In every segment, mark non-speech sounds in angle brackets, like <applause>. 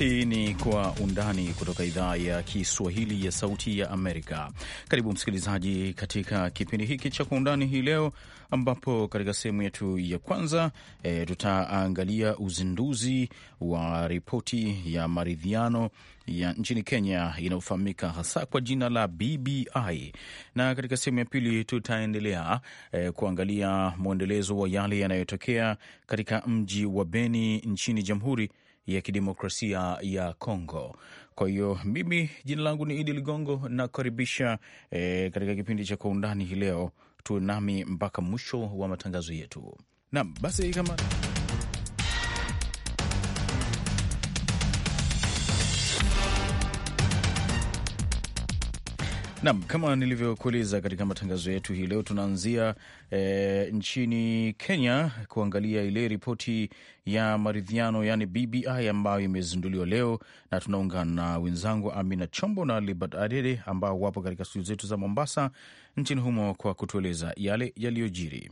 Hii ni Kwa Undani kutoka idhaa ya Kiswahili ya Sauti ya Amerika. Karibu msikilizaji, katika kipindi hiki cha Kwa Undani hii leo, ambapo katika sehemu yetu ya kwanza e, tutaangalia uzinduzi wa ripoti ya maridhiano ya nchini Kenya inayofahamika hasa kwa jina la BBI, na katika sehemu ya pili tutaendelea e, kuangalia mwendelezo wa yale yanayotokea katika mji wa Beni nchini Jamhuri ya Kidemokrasia ya congo Kwa hiyo mimi jina langu ni Idi Ligongo, nakaribisha e, eh, katika kipindi cha Kwa Undani hii leo, tuwe nami mpaka mwisho wa matangazo yetu. Naam, basi kama Nam, kama nilivyokueleza katika matangazo yetu hii leo, tunaanzia e, nchini Kenya kuangalia ile ripoti ya maridhiano yani BBI ambayo imezinduliwa leo, na tunaungana na wenzangu Amina Chombo na Libert Adede ambao wapo katika studio zetu za Mombasa nchini humo kwa kutueleza yale yaliyojiri.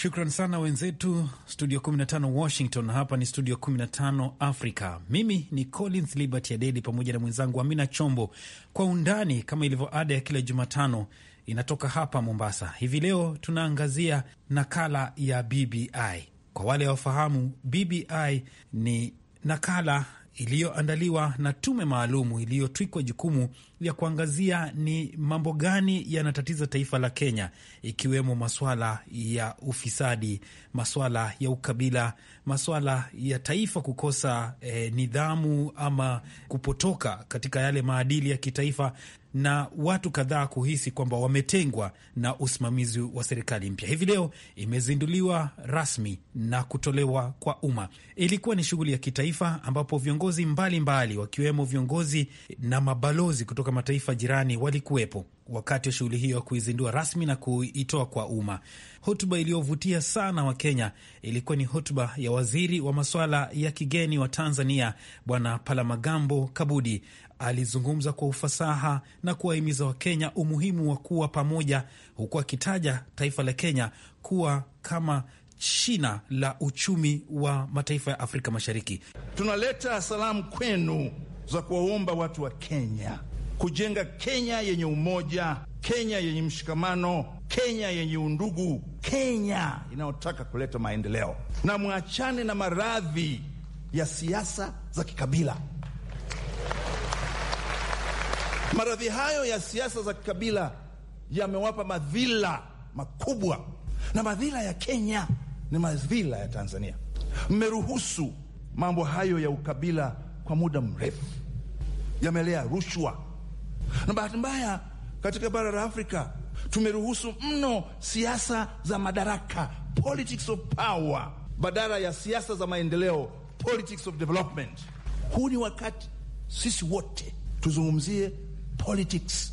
Shukran sana wenzetu studio 15 Washington. Hapa ni studio 15 Africa. Mimi ni Collins Liberty Adedi pamoja na mwenzangu Amina Chombo. Kwa undani kama ilivyo ada ya kila Jumatano inatoka hapa Mombasa. Hivi leo tunaangazia nakala ya BBI. Kwa wale wafahamu, BBI ni nakala iliyoandaliwa na tume maalumu iliyotwikwa jukumu ya kuangazia ni mambo gani yanatatiza taifa la Kenya, ikiwemo maswala ya ufisadi, maswala ya ukabila, maswala ya taifa kukosa eh, nidhamu ama kupotoka katika yale maadili ya kitaifa na watu kadhaa kuhisi kwamba wametengwa na usimamizi wa serikali mpya. Hivi leo imezinduliwa rasmi na kutolewa kwa umma. Ilikuwa ni shughuli ya kitaifa ambapo viongozi mbalimbali mbali, wakiwemo viongozi na mabalozi kutoka kutoka mataifa jirani walikuwepo wakati wa shughuli hiyo ya kuizindua rasmi na kuitoa kwa umma. Hotuba iliyovutia sana Wakenya ilikuwa ni hotuba ya waziri wa masuala ya kigeni wa Tanzania, Bwana Palamagambo Kabudi. Alizungumza kwa ufasaha na kuwahimiza Wakenya umuhimu wa kuwa pamoja, huku akitaja taifa la Kenya kuwa kama shina la uchumi wa mataifa ya Afrika Mashariki. Tunaleta salamu kwenu za kuwaomba watu wa Kenya kujenga Kenya yenye umoja, Kenya yenye mshikamano, Kenya yenye undugu, Kenya inayotaka kuleta maendeleo, na mwachane na maradhi ya siasa za kikabila. Maradhi hayo ya siasa za kikabila yamewapa madhila makubwa, na madhila ya Kenya ni madhila ya Tanzania. Mmeruhusu mambo hayo ya ukabila kwa muda mrefu, yamelea rushwa na bahati mbaya katika bara la Afrika tumeruhusu mno siasa za madaraka, politics of power, badala ya siasa za maendeleo, politics of development. Huu ni wakati sisi wote tuzungumzie politics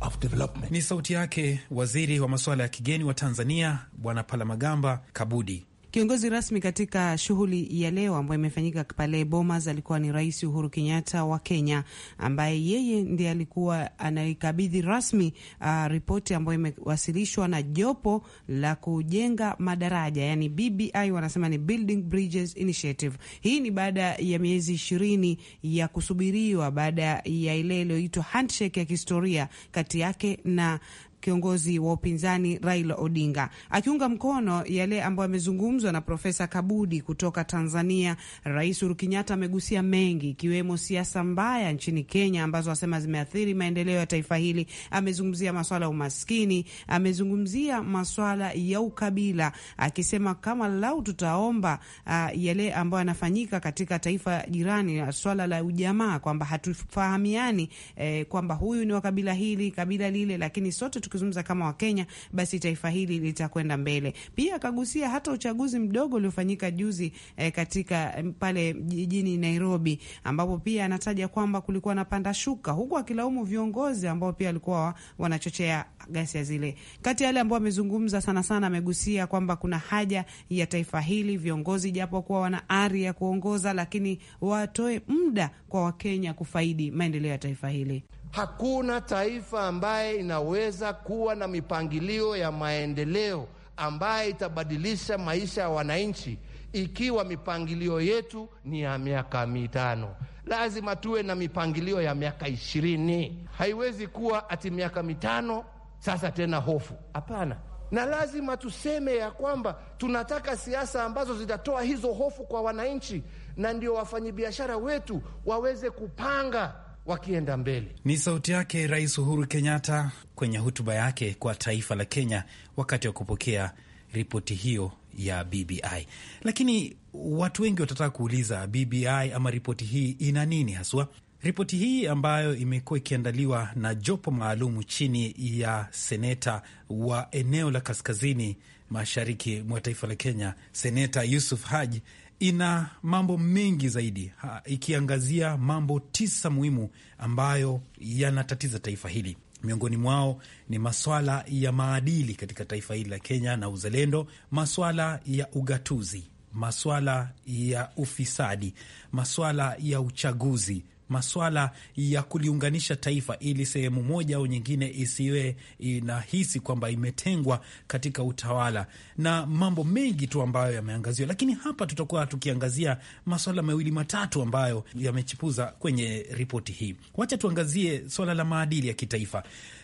of development. Ni sauti yake waziri wa masuala ya kigeni wa Tanzania Bwana Palamagamba Kabudi. Kiongozi rasmi katika shughuli ya leo ambayo imefanyika pale Bomas alikuwa ni Rais Uhuru Kenyatta wa Kenya, ambaye yeye ndiye alikuwa anaikabidhi rasmi uh, ripoti ambayo imewasilishwa na jopo la kujenga madaraja, yani BBI wanasema ni Building Bridges Initiative. Hii ni baada ya miezi ishirini ya kusubiriwa baada ya ile iliyoitwa handshake ya kihistoria kati yake na kiongozi wa upinzani Raila Odinga, akiunga mkono yale ambayo yamezungumzwa na Profesa Kabudi kutoka Tanzania. Rais Uhuru Kenyatta amegusia mengi, ikiwemo siasa mbaya nchini Kenya ambazo asema zimeathiri maendeleo ya taifa hili. Amezungumzia maswala ya umaskini, amezungumzia maswala ya ukabila, akisema kama lau tutaomba uh, yale ambayo yanafanyika katika taifa jirani, swala la ujamaa, kwamba hatufahamiani eh, kwamba huyu ni wa kabila hili kabila lile, lakini sote tukizungumza kama Wakenya, basi taifa hili litakwenda mbele. Pia akagusia hata uchaguzi mdogo uliofanyika juzi eh, katika eh, pale jijini Nairobi, ambapo pia anataja kwamba kulikuwa na panda shuka, huku akilaumu viongozi ambao pia walikuwa wanachochea ghasia zile. Kati ya yale ambao amezungumza sana sana, amegusia kwamba kuna haja ya taifa hili viongozi, japo kuwa wana ari ya kuongoza, lakini watoe muda kwa Wakenya kufaidi maendeleo ya taifa hili. Hakuna taifa ambaye inaweza kuwa na mipangilio ya maendeleo ambaye itabadilisha maisha ya wananchi ikiwa mipangilio yetu ni ya miaka mitano. Lazima tuwe na mipangilio ya miaka ishirini. Haiwezi kuwa ati miaka mitano sasa tena hofu, hapana. Na lazima tuseme ya kwamba tunataka siasa ambazo zitatoa hizo hofu kwa wananchi, na ndio wafanyabiashara wetu waweze kupanga wakienda mbele. Ni sauti yake Rais Uhuru Kenyatta kwenye hotuba yake kwa taifa la Kenya wakati wa kupokea ripoti hiyo ya BBI. Lakini watu wengi watataka kuuliza BBI ama ripoti hii ina nini haswa? Ripoti hii ambayo imekuwa ikiandaliwa na jopo maalum chini ya seneta wa eneo la kaskazini mashariki mwa taifa la Kenya, Seneta Yusuf Haji ina mambo mengi zaidi ha, ikiangazia mambo tisa muhimu ambayo yanatatiza taifa hili. Miongoni mwao ni maswala ya maadili katika taifa hili la Kenya na uzalendo, maswala ya ugatuzi, maswala ya ufisadi, maswala ya uchaguzi maswala ya kuliunganisha taifa ili sehemu moja au nyingine isiwe inahisi kwamba imetengwa katika utawala na mambo mengi tu ambayo yameangaziwa, lakini hapa tutakuwa tukiangazia maswala mawili matatu ambayo yamechipuza kwenye ripoti hii. Wacha tuangazie swala la maadili ya kitaifa.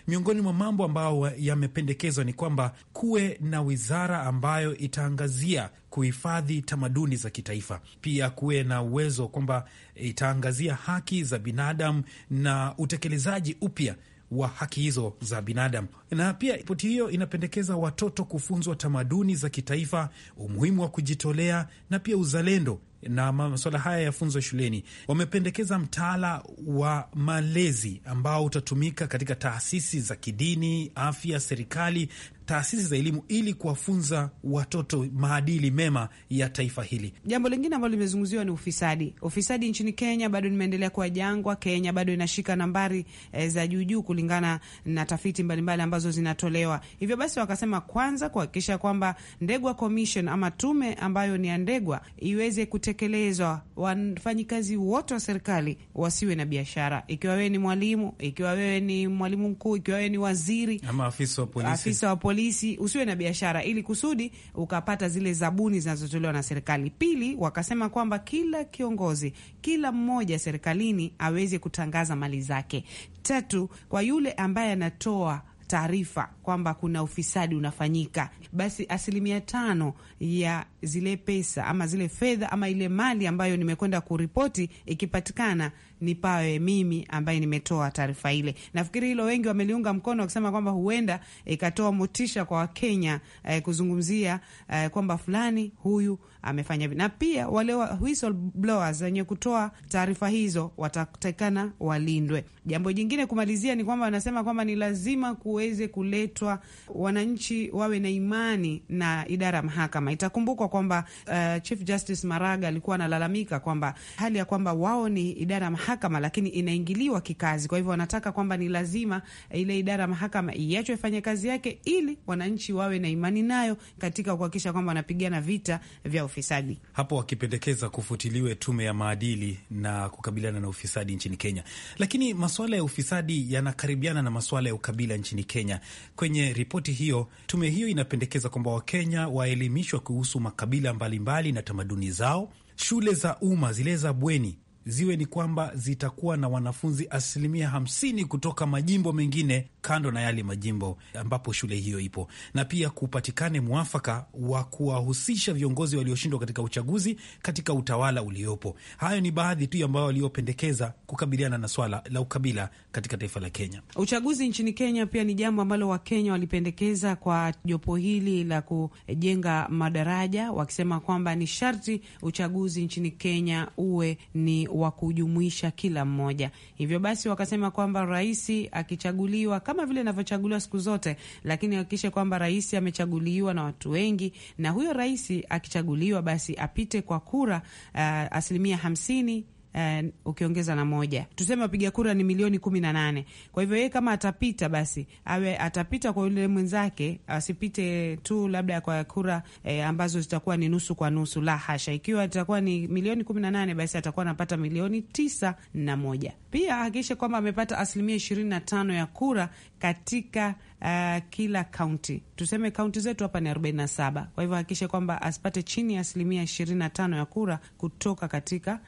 Miongoni mwa mambo ambayo yamependekezwa ni kwamba kuwe na wizara ambayo itaangazia kuhifadhi tamaduni za kitaifa, pia kuwe na uwezo kwamba itaangazia haki za binadamu na utekelezaji upya wa haki hizo za binadamu. Na pia ripoti hiyo inapendekeza watoto kufunzwa tamaduni za kitaifa, umuhimu wa kujitolea na pia uzalendo na masuala haya yafunzwe shuleni. Wamependekeza mtaala wa malezi ambao utatumika katika taasisi za kidini, afya, serikali taasisi za elimu ili kuwafunza watoto maadili mema ya taifa hili. Jambo lingine ambalo limezungumziwa ni ufisadi. Ufisadi nchini Kenya bado limeendelea kuwa jangwa. Kenya bado inashika nambari e, za juujuu kulingana na tafiti mbalimbali mbali ambazo zinatolewa. Hivyo basi, wakasema kwanza kuhakikisha kwamba Ndegwa Commission ama tume ambayo ni ya Ndegwa iweze kutekelezwa, wafanyikazi wote wa serikali wasiwe na biashara. Ikiwa wewe ni mwalimu, ikiwa wewe ni mwalimu mkuu, ikiwa wewe ni waziri ama afisa wa polisi, afisa wa polisi halisi, usiwe na biashara ili kusudi ukapata zile zabuni zinazotolewa na serikali. Pili, wakasema kwamba kila kiongozi, kila mmoja serikalini aweze kutangaza mali zake. Tatu, kwa yule ambaye anatoa taarifa kwamba kuna ufisadi unafanyika, basi asilimia tano ya zile pesa ama zile fedha ama ile mali ambayo nimekwenda kuripoti ikipatikana ni pawe mimi ambaye nimetoa taarifa ile. Nafikiri hilo wengi wameliunga mkono wakisema kwamba huenda ikatoa e, motisha kwa Wakenya e, kuzungumzia e, kwamba fulani huyu amefanya hivi, na pia wale whistleblowers wenye kutoa taarifa hizo watatakana walindwe. Jambo jingine kumalizia ni kwamba wanasema kwamba ni lazima kuweze kuletwa wananchi wawe na imani na idara ya mahakama. Itakumbukwa kwamba uh, Chief Justice Maraga alikuwa analalamika kwamba hali ya kwamba wao ni idara ya mahakama, lakini inaingiliwa kikazi. Kwa hivyo wanataka kwamba ni lazima eh, ile idara ya mahakama iachwe ifanye kazi yake, ili wananchi wawe na imani nayo katika kuhakikisha kwamba wanapigana vita vya ufisadi. Hapo wakipendekeza kufutiliwe tume ya maadili na kukabiliana na ufisadi nchini Kenya. Lakini masuala ya ufisadi yanakaribiana na masuala ya ukabila nchini Kenya. Kwenye ripoti hiyo, tume hiyo inapendekeza kwamba Wakenya waelimishwa kuhusu makabila mbalimbali mbali na tamaduni zao. Shule za umma zile za bweni ziwe ni kwamba zitakuwa na wanafunzi asilimia hamsini kutoka majimbo mengine kando na yale majimbo ambapo shule hiyo ipo, na pia kupatikane mwafaka wa kuwahusisha viongozi walioshindwa katika uchaguzi katika utawala uliopo. Hayo ni baadhi tu ambayo waliopendekeza kukabiliana na swala la ukabila katika taifa la Kenya. Uchaguzi nchini Kenya pia ni jambo ambalo Wakenya walipendekeza kwa jopo hili la kujenga madaraja, wakisema kwamba ni sharti uchaguzi nchini Kenya uwe ni wa kujumuisha kila mmoja. Hivyo basi wakasema kwamba rais akichaguliwa kama kama vile inavyochaguliwa siku zote, lakini hakikishe kwamba rais amechaguliwa na watu wengi, na huyo rais akichaguliwa, basi apite kwa kura uh, asilimia hamsini uh, ukiongeza na moja tuseme wapiga kura ni milioni kumi na nane. Kwa hivyo yeye kama atapita, basi awe atapita kwa yule mwenzake, asipite tu labda kwa kura eh, ambazo zitakuwa ni nusu kwa nusu. La hasha, ikiwa atakuwa ni milioni kumi na nane, basi atakuwa anapata milioni tisa na moja. Pia hakikishe kwamba amepata asilimia ishirini na tano ya kura katika Uh, kila kaunti tuseme kaunti zetu hapa ni 47. Kwa hivyo hakikishe kwamba asipate chini ya asilimia 25 ya kura kutoka katika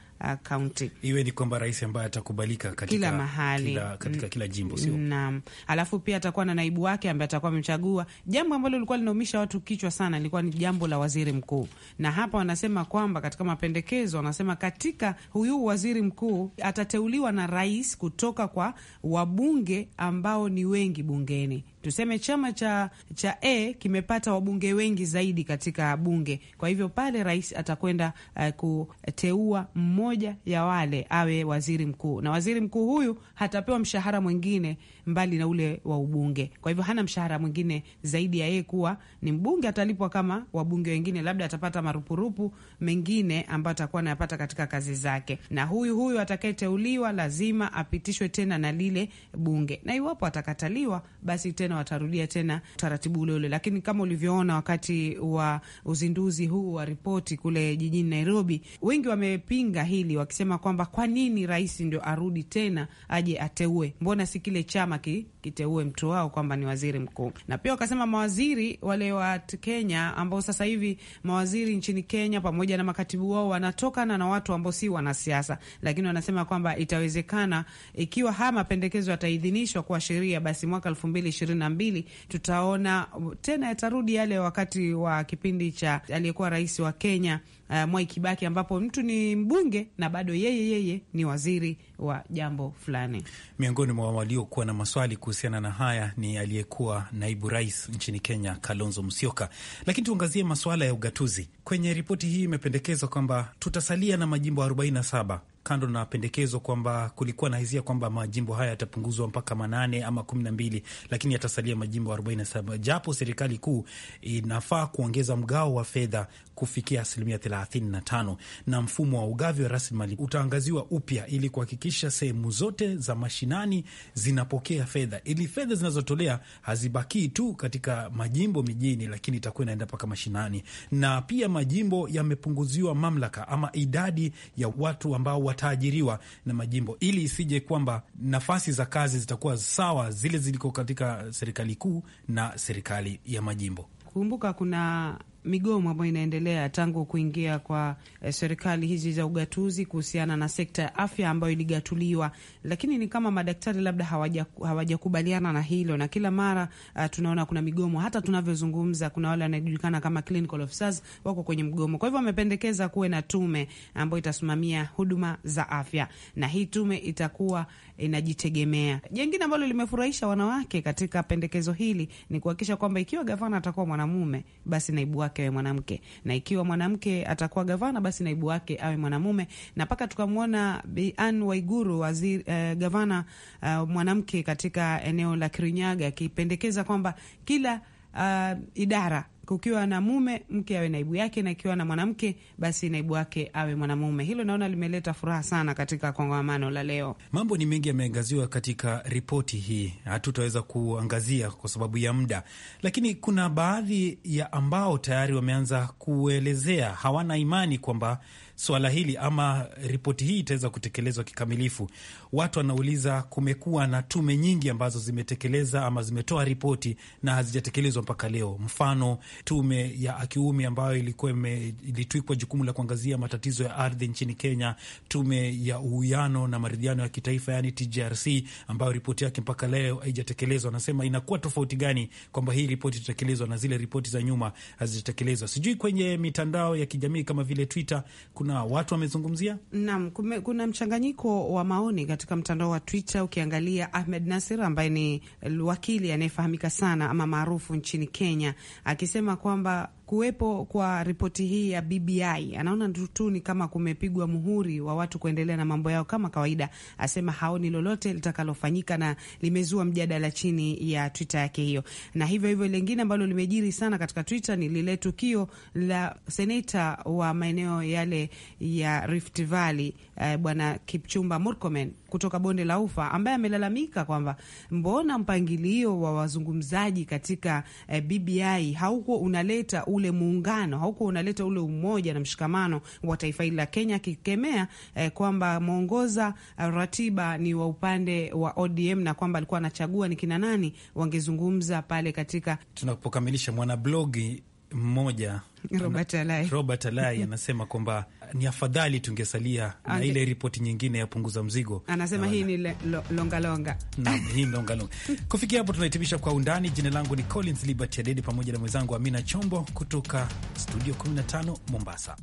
kaunti uh, iwe ni kwamba rais ambaye atakubalika katika kila mahali kila, katika mm. kila jimbo sio? Naam, alafu pia atakuwa na naibu wake ambaye atakuwa amemchagua. Jambo ambalo lilikuwa linaumisha watu kichwa sana lilikuwa ni jambo la waziri mkuu, na hapa wanasema kwamba katika mapendekezo wanasema katika huyu waziri mkuu atateuliwa na rais kutoka kwa wabunge ambao ni wengi bungeni tuseme chama cha cha A kimepata wabunge wengi zaidi katika bunge. Kwa hivyo pale rais atakwenda uh, kuteua mmoja ya wale awe waziri mkuu, na waziri mkuu huyu hatapewa mshahara mwingine mbali na ule wa ubunge. Kwa hivyo hana mshahara mwingine zaidi ya yeye kuwa ni mbunge, atalipwa kama wabunge wengine, labda atapata marupurupu mengine ambayo atakuwa anayapata katika kazi zake. Na huyu huyu atakayeteuliwa lazima apitishwe tena na lile bunge, na iwapo atakataliwa, basi tena watarudia tena taratibu ule ule. Lakini kama ulivyoona wakati wa uzinduzi huu wa ripoti kule jijini Nairobi, wengi wamepinga hili wakisema kwamba kwa nini rais ndio arudi tena aje ateue, mbona si kile chama chama kiteue mtu wao kwamba ni waziri mkuu. Na pia wakasema mawaziri wale wa Kenya ambao sasa hivi mawaziri nchini Kenya pamoja na makatibu wao wanatokana na watu ambao si wanasiasa, lakini wanasema kwamba itawezekana ikiwa haya mapendekezo yataidhinishwa kuwa sheria, basi mwaka elfu mbili ishirini na mbili tutaona tena yatarudi yale wakati wa kipindi cha aliyekuwa rais wa Kenya uh, Mwai Kibaki ambapo mtu ni mbunge na bado yeye yeye ni waziri wa jambo fulani. Miongoni mwa waliokuwa na maswali kuhusiana na haya ni aliyekuwa naibu rais nchini Kenya Kalonzo Musyoka. Lakini tuangazie masuala ya ugatuzi. Kwenye ripoti hii imependekezwa kwamba tutasalia na majimbo 47 kando na pendekezo kwamba kulikuwa na hisia kwamba majimbo haya yatapunguzwa mpaka manane ama kumi na mbili, lakini yatasalia majimbo saba, japo serikali kuu inafaa kuongeza mgao wa fedha kufikia asilimia 35, na mfumo wa ugavi wa rasilimali utaangaziwa upya ili kuhakikisha sehemu zote za mashinani zinapokea fedha, ili fedha zinazotolea hazibakii tu katika majimbo mijini, lakini itakuwa inaenda mpaka mashinani. Na pia majimbo yamepunguziwa mamlaka ama idadi ya watu ambao wataajiriwa na majimbo, ili isije kwamba nafasi za kazi zitakuwa sawa zile ziliko katika serikali kuu na serikali ya majimbo. Kumbuka kuna migomo ambayo inaendelea tangu kuingia kwa eh, serikali hizi za ugatuzi kuhusiana na sekta ya afya ambayo iligatuliwa, lakini ni kama madaktari labda hawajakubaliana hawaja na hilo, na kila mara uh, tunaona kuna migomo. Hata tunavyozungumza kuna wale wanajulikana kama clinical officers wako kwenye mgomo. Kwa hivyo wamependekeza kuwe na tume ambayo itasimamia huduma za afya, na hii tume itakuwa inajitegemea. Jengine ambalo limefurahisha wanawake katika pendekezo hili ni kuhakikisha kwamba ikiwa gavana atakuwa mwanamume, basi naibu wake awe mwanamke, na ikiwa mwanamke atakuwa gavana, basi naibu wake awe mwanamume, na mpaka tukamwona Bi Anne Waiguru waziri, eh, gavana eh, mwanamke katika eneo la Kirinyaga akipendekeza kwamba kila uh, idara kukiwa na mume mke awe naibu yake, na ikiwa na mwanamke basi naibu wake awe mwanamume. Hilo naona limeleta furaha sana katika kongamano la leo. Mambo ni mengi yameangaziwa katika ripoti hii, hatutaweza kuangazia kwa sababu ya muda, lakini kuna baadhi ya ambao tayari wameanza kuelezea hawana imani kwamba swala hili ama ripoti hii itaweza kutekelezwa kikamilifu. Watu wanauliza, kumekuwa na tume nyingi ambazo zimetekeleza ama zimetoa ripoti na hazijatekelezwa mpaka leo. Mfano, tume ya Akiumi ambayo ilikuwa ilitwikwa jukumu la kuangazia matatizo ya ardhi nchini Kenya, tume ya uwiano na maridhiano ya kitaifa, yani TJRC, ambayo ripoti yake mpaka leo haijatekelezwa. Anasema inakuwa tofauti gani kwamba hii ripoti itatekelezwa na zile ripoti za nyuma hazijatekelezwa? Sijui kwenye mitandao ya kijamii kama vile Twitter kuna kuna watu wamezungumzia? Naam, kuna mchanganyiko wa maoni katika mtandao wa Twitter. Ukiangalia Ahmed Nasir ambaye ni wakili anayefahamika sana ama maarufu nchini Kenya akisema kwamba kuwepo kwa ripoti hii ya BBI anaona tu ni kama kumepigwa muhuri wa watu kuendelea na mambo yao kama kawaida. Asema haoni lolote litakalofanyika na limezua mjadala chini ya Twitter yake hiyo. Na hivyo hivyo, lingine ambalo limejiri sana katika Twitter ni lile tukio la seneta wa maeneo yale ya Rift Valley eh, bwana Kipchumba Murkomen kutoka bonde la Ufa ambaye amelalamika kwamba mbona mpangilio wa wazungumzaji katika eh, BBI hauko unaleta ule muungano, haukuwa unaleta ule umoja na mshikamano wa taifa hili la Kenya, akikemea eh, kwamba mwongoza eh, ratiba ni wa upande wa ODM na kwamba alikuwa anachagua ni kina nani wangezungumza pale katika tunapokamilisha mwanablogi mmoja Robert Alai, Robert Alai <laughs> anasema kwamba ni afadhali tungesalia na ile ripoti nyingine ya punguza mzigo, anasema hii ni longalonga, naam, hii ni <laughs> longalonga. Kufikia hapo tunahitimisha kwa undani. Jina langu ni Collins Liberty Adedi pamoja na mwenzangu Amina Chombo kutoka studio 15 Mombasa.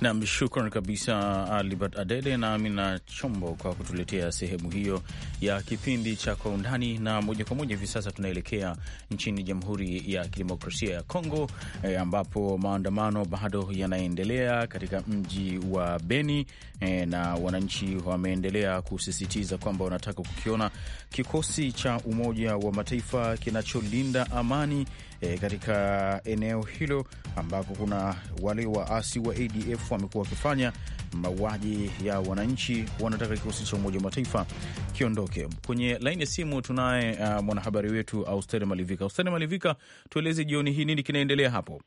Nam, shukran kabisa uh, Albert Adede na Amina Chombo kwa kutuletea sehemu hiyo ya kipindi cha Kwa Undani. Na moja kwa moja hivi sasa tunaelekea nchini Jamhuri ya Kidemokrasia ya Kongo e, ambapo maandamano bado yanaendelea katika mji wa Beni e, na wananchi wameendelea kusisitiza kwamba wanataka kukiona kikosi cha Umoja wa Mataifa kinacholinda amani e, katika eneo hilo ambako kuna wale waasi wa ADF wamekuwa wakifanya mauaji ya wananchi, wanataka kikosi cha Umoja wa Mataifa kiondoke. Kwenye laini ya simu tunaye uh, mwanahabari wetu austere Malivika. Austeri Malivika, tueleze jioni hii nini kinaendelea hapo?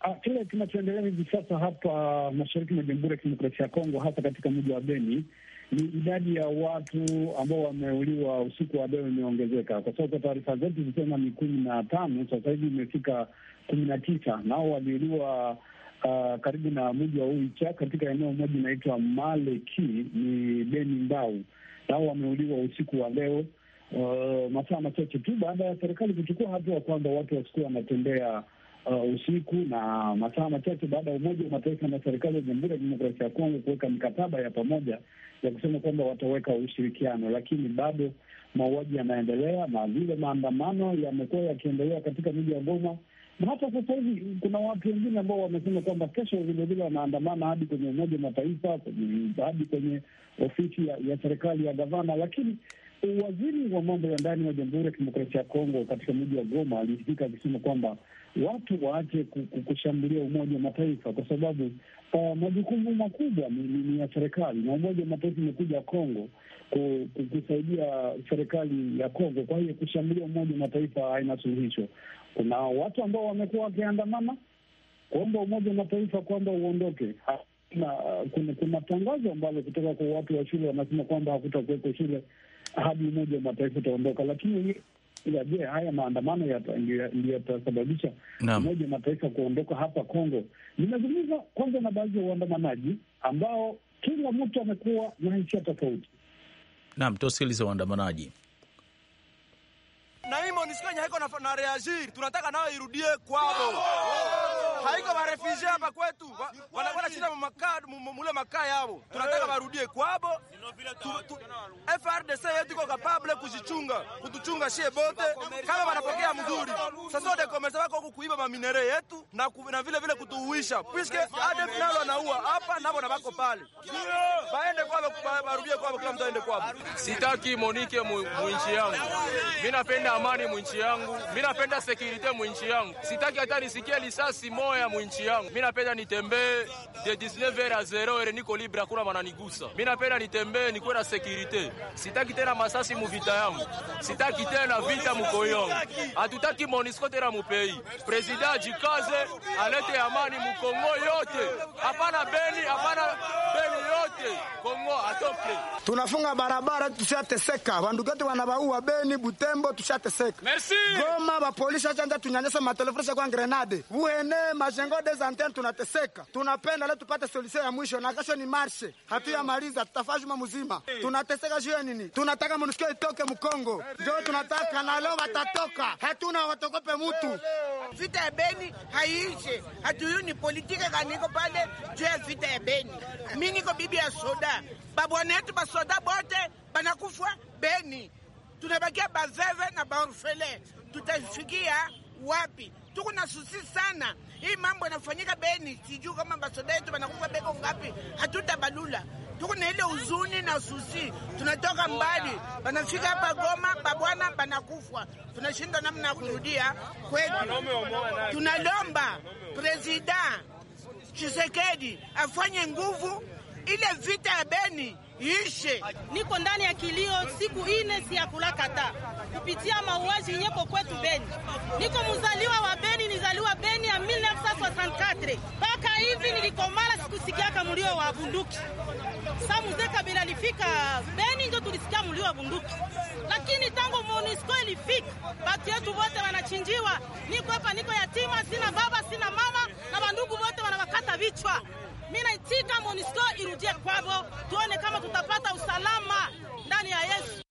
Ah, kile kinachoendelea hivi sasa hapa uh, mashariki mwa Jamhuri ya Kidemokrasia ya Kongo, hasa katika mji wa Beni ni idadi ya watu ambao wameuliwa usiku wa leo imeongezeka, kwa sababu taarifa zetu zisema ni kumi na tano, sasa hivi imefika kumi na tisa. Nao waliuliwa uh, karibu na mji wa Uicha katika eneo moja inaitwa Maleki ni Beni Mbau. Nao wameuliwa usiku wa leo uh, masaa machache tu baada ya serikali kuchukua hatua kwamba watu wasikuwa wanatembea Uh, usiku na masaa machache baada ya Umoja wa Mataifa na serikali ya Jamhuri ya Kidemokrasia ya Kongo kuweka mikataba ya pamoja ya kusema kwamba wataweka ushirikiano, lakini bado mauaji yanaendelea na vile maandamano yamekuwa yakiendelea katika miji ya Goma na hata sasa hivi kuna watu wengine ambao wamesema kwamba kesho vilevile wanaandamana hadi kwenye Umoja Mataifa, hadi kwenye ofisi ya serikali ya gavana, lakini Waziri wa mambo ya ndani wa Jamhuri ya Kidemokrasia ya Kongo katika mji wa Goma alisikika akisema kwamba watu waache kushambulia Umoja wa Mataifa kwa sababu uh, majukumu makubwa ni, ni, ni ya serikali na Umoja wa Mataifa imekuja Kongo kusaidia serikali ya Kongo. Kwa hiyo kushambulia Umoja wa Mataifa haina suluhisho. Kuna watu ambao wamekuwa wakiandamana kuomba Umoja wa Mataifa kwamba uondoke na, uh, kuna, kuna tangazo ambalo kutoka kwa watu wa shule wanasema kwamba hakutakuwepo shule hadi Umoja wa Mataifa utaondoka, lakini je, haya maandamano ndiyo yatasababisha Umoja wa Mataifa kuondoka hapa Kongo? Nimezungumza kwanza na baadhi ya waandamanaji ambao kila mtu amekuwa na hisia tofauti. Naam, tusikilize waandamanaji. haiko na reagir, tunataka nao irudie kwao. Haiko ba refugee hapa kwetu, mule makaa yao, tunataka kwao FRDC yetu iko kapable kuzichunga kutuchunga shie bote, kama wanapokea mzuri. Sasa de commerce wako huku kuiba maminere yetu na, na vile vile kutuuisha, puisque ADF nalo anaua hapa nabo na bako pale, baende kwao, barudie kwao, kila mtu aende kwao. Sitaki monike mwinchi yangu, mimi napenda amani mwinchi yangu, mimi napenda security mwinchi yangu, sitaki hata nisikie lisasi moya mwinchi yangu. Mimi napenda nitembee de 19h à 0h, niko libre, hakuna wananigusa. Mimi napenda nitembee mbele nikuwe na sekirite, sitaki tena masasi muvita yangu, sitaki tena vita mukoyongo, hatutaki Monisco tena mupei. Prezida ajikaze alete amani mukongo yote, hapana Beni, hapana Beni yote, Kongo atoke. Tunafunga barabara, tushateseka, bandugu wetu Beni, Butembo, tushateseka. Goma, bapolisi achanja tunyanyasa matelefresha kwa grenade uene majengo des antennes, tunateseka. Tunapenda leo tupate solution ya mwisho, na kesho ni marshe, hatuyamaliza tutafanya mzima tunateseka juu ya nini? Tunataka MONUSCO itoke Mkongo, ndio tunataka na leo watatoka, hatuna watokope mutu. Vita ya Beni haiishe, hatuyuni politika kaniko pale juu ya vita ya Beni. Mi niko bibi ya soda, babwana yetu basoda bote banakufa Beni, tunabakia baveve na baorfele, tutafikia wapi? Tuko na susi sana, hii mambo yanafanyika Beni, sijuu kama basoda yetu banakufa beko ngapi, hatutabalula tuko na ile uzuni na susi, tunatoka mbali, banafika hapa Goma babwana banakufwa, tunashinda namna ya kurudia kwetu. Tunalomba president Chisekedi afanye nguvu ile vita ya Beni ishe. Niko ndani ya kilio siku ine si ya kata kupitia mauaji nyeko kwetu Beni. Niko mzaliwa wa Beni, nizaliwa Beni ya 1964 mpaka hivi nilikomala, sikusikiaka mulio wa bunduki. Sa mzee Kabila alifika Beni ndio tulisikia mulio wa bunduki, lakini tangu MONUSCO ilifika batu yetu wote wanachinjiwa. Niko hapa, niko yatima, sina baba, sina mama na bandugu wote wanawakata vichwa mi naitika MONUSCO irudie kwavo, tuone kama tutapata usalama ndani ya Yesu.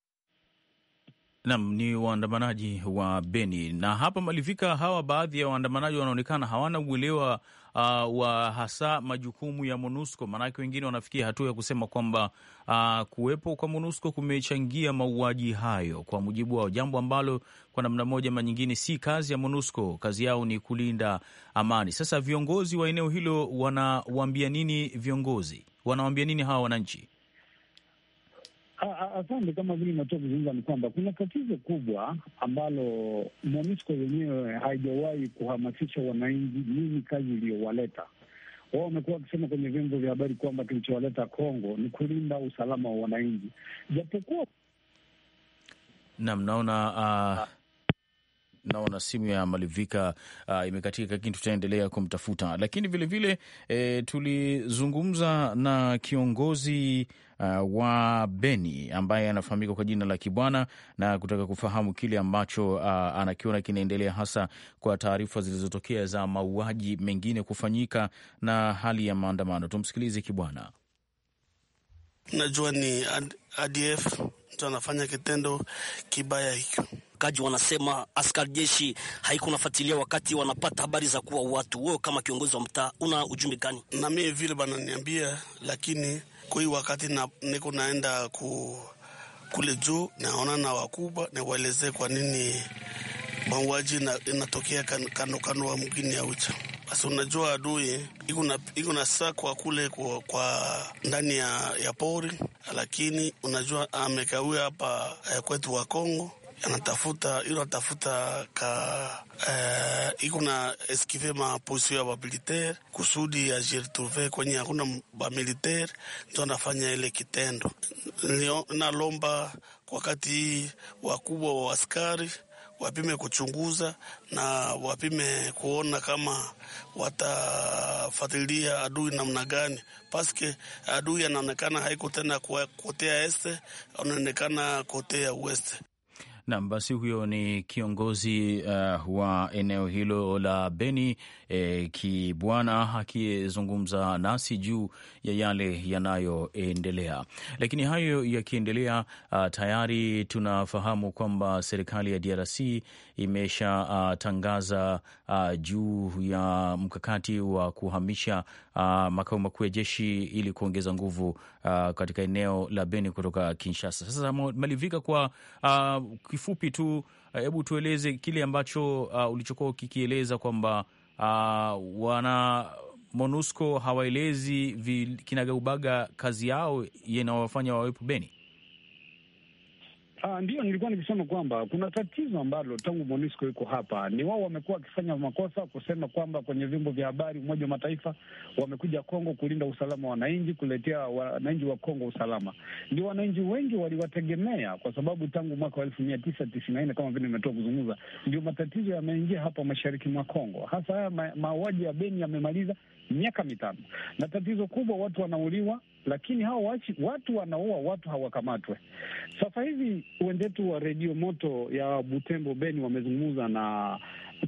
Nam ni waandamanaji wa Beni na hapa malivika hawa, baadhi ya waandamanaji wanaonekana hawana uelewa uh, wa hasa majukumu ya MONUSCO? Maanake wengine wanafikia hatua ya kusema kwamba uh, kuwepo kwa MONUSCO kumechangia mauaji hayo, kwa mujibu wao, jambo ambalo kwa namna moja ama nyingine si kazi ya MONUSCO. Kazi yao ni kulinda amani. Sasa viongozi wa eneo hilo wanawaambia nini? Viongozi wanawaambia nini hawa wananchi? Asante. Kama vile inatoa kuzungumza, ni kwamba kuna tatizo kubwa ambalo MONUSCO wenyewe haijawahi kuhamasisha wananchi nini kazi iliyowaleta wao. Wamekuwa wakisema kwenye vyombo vya habari kwamba kilichowaleta Kongo ni kulinda usalama wa wananchi, japokuwa nam naona uh, naona simu ya Malivika uh, imekatika, lakini tutaendelea kumtafuta. Lakini vilevile vile, e, tulizungumza na kiongozi Uh, wa Beni ambaye anafahamika kwa jina la Kibwana na kutaka kufahamu kile ambacho uh, anakiona kinaendelea hasa kwa taarifa zilizotokea za mauaji mengine kufanyika na hali ya maandamano. Tumsikilize Kibwana. Najua ni ADF mtu anafanya kitendo kibaya hicho Wakaji wanasema askari jeshi haikunafuatilia wakati wanapata habari za kuwa watu wao. Kama kiongozi wa mtaa, una ujumbe gani? Na mimi vile bananiambia, lakini kwa wakati na, niko naenda ku, kule juu naona na wakubwa niwaelezee kwa nini mauaji inatokea kando kando wa mgini ya ucha basi unajua adui iko na sakwa kule kwa, kwa ndani ya, ya pori, lakini unajua amekawia hapa eh, kwetu wa Kongo anatafuta ilo anatafuta ka eh, iko na eskive ma position ya bamilitaire kusudi ajirtrouve kwenye hakuna bamilitaire, ndio anafanya ile kitendo. Nalomba wakati wakubwa wa askari wapime kuchunguza na wapime kuona kama watafatilia adui namna gani, paske adui anaonekana haiko tena kotea este, anaonekana kotea weste. Nam, basi huyo ni kiongozi uh, wa eneo hilo la Beni e, Kibwana akizungumza nasi juu ya yale yanayoendelea. Lakini hayo yakiendelea, uh, tayari tunafahamu kwamba serikali ya DRC imeshatangaza uh, uh, juu ya mkakati wa kuhamisha uh, makao makuu ya jeshi ili kuongeza nguvu uh, katika eneo la Beni kutoka Kinshasa. Sasa malivika, kwa uh, kifupi tu, hebu uh, tueleze kile ambacho uh, ulichokuwa ukikieleza kwamba uh, wana MONUSCO hawaelezi kinagaubaga kazi yao yenawafanya wawepo Beni. Uh, ndio nilikuwa nikisema kwamba kuna tatizo ambalo tangu MONUSCO iko hapa ni wao wamekuwa wakifanya makosa kusema kwamba kwenye vyombo vya habari Umoja wa Mataifa wamekuja Kongo kulinda usalama wa wananchi, kuletea wananchi wa Kongo usalama. Ndio wananchi wengi waliwategemea, kwa sababu tangu mwaka wa elfu mia tisa tisini na nne kama vile nimetoa kuzungumza, ndio matatizo yameingia hapa mashariki mwa Kongo, hasa haya mauaji ya Beni yamemaliza miaka mitano, na tatizo kubwa watu wanauliwa lakini hao wachi, watu wanaua watu hawakamatwe. Sasa hivi wenzetu wa redio moto ya Butembo Beni wamezungumza na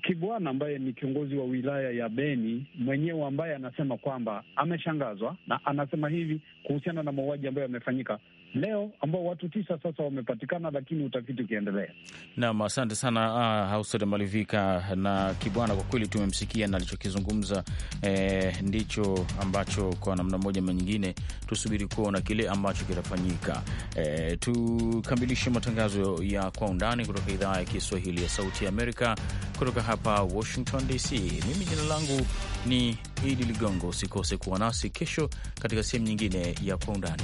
Kibwana ambaye ni kiongozi wa wilaya ya Beni mwenyewe, ambaye anasema kwamba ameshangazwa na anasema hivi kuhusiana na mauaji ambayo yamefanyika leo ambao watu tisa sasa wamepatikana, lakini utafiti ukiendelea. Naam, asante sana uh, ah, Hausere Malivika na Kibwana, kwa kweli tumemsikia na alichokizungumza eh, ndicho ambacho kwa namna moja ama nyingine tusubiri kuona kile ambacho kitafanyika. Eh, tukamilishe matangazo ya kwa undani kutoka idhaa ya Kiswahili ya Sauti ya Amerika kutoka hapa Washington DC. Mimi jina langu ni Idi Ligongo. Usikose kuwa nasi kesho katika sehemu nyingine ya kwa undani.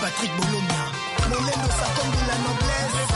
Patrick Bologna. Mon aide, de la noblesse.